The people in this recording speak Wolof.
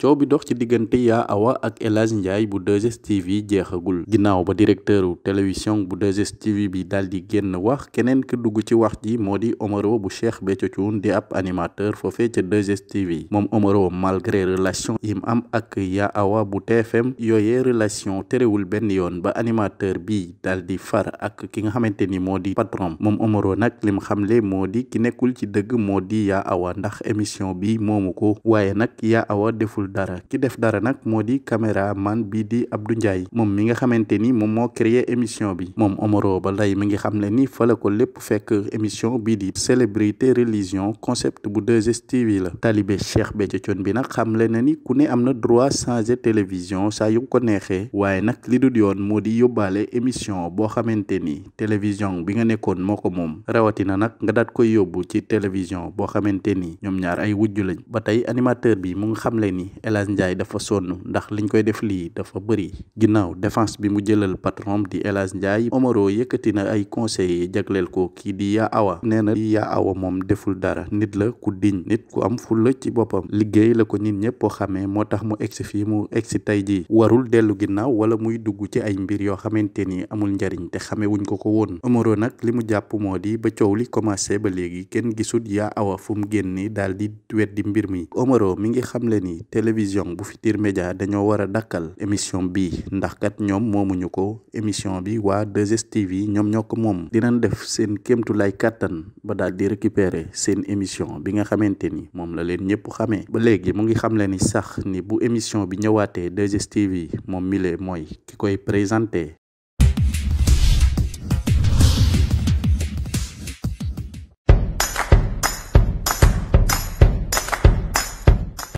coow bi dox ci diggante Yaa Awa ak El Hadj Ndiaye bu 2STV jeexagul ginnaaw ba directeuru télévision bu 2STV bi daal di génn wax keneen ki dugg ci wax ji moo di Omaro bu Cheikh Béthio Thioune di ab animateur foofee ca 2STV moom Omaro malgré relation yim am ak Yaa Awa bu TFM yooye relation terewul benn yoon ba animateur bi daal di far ak ki nga xamante ni moo di patron moom Omaro nag lim xamle moo di ki nekkul ci dëgg moo di Yaa Awa ndax émission bi moomu ko dara ki def dara nag moo di man bii di Abdou Ndiaye moom mi nga xamante ni moom moo créé émission bi moom Omaro ba lay mi ngi xam ne ni fa ko lépp fekk émission bii di célébrité religion concept bu 2STV la taalibe Cheikh Béthio bi nag xamle na ni ku ne am na droit changer télévision saa yu ko neexee waaye nag li dul yoon moo di yóbbaale émission boo xamante ni télévision bi nga nekkoon moo ko moom rawatina nag nga daat koy yóbbu ci télévision boo xamante ni ñoom ñaar ay wujju lañ ba tey animateur bi mu nga xamle ni El Hadj Ndiaye dafa sonn ndax liñ koy def lii dafa bëri ginnaaw défense bi mu jëlal patron di El Hadj Ndiaye Omaro yëkkati na ay conseillers jagleel ko kii di Yaa Awa nee na di Yaa Awa moom deful dara nit la ku diñ nit ku am fulla ci boppam liggéey la ko nit ñëpp xamee moo tax mu egsi fii mu egsi tey jii warul dellu ginnaaw wala muy dugg ci ay mbir yoo xamante ni amul njariñ te xame wuñ ko ko woon Omaro nag li mu jàpp moo di ba coow li commencé ba léegi kenn gisul Yaa Awa fu mu génn daal di weddi mbir mi télévision bu Futurs Médias dañoo war a dakkal émission bi ndax kat ñoom moomuñu ko émission bi waa 2STV ñoom ñoo ko moom dinañ def seen kéemtu lay kàttan ba daal di récupérer seen émission bi nga xamante ni moom la leen ñëpp xame ba léegi mu ngi xam le ni sax ni bu émission bi ñëwaatee 2STV moom mi lee mooy ki koy présenté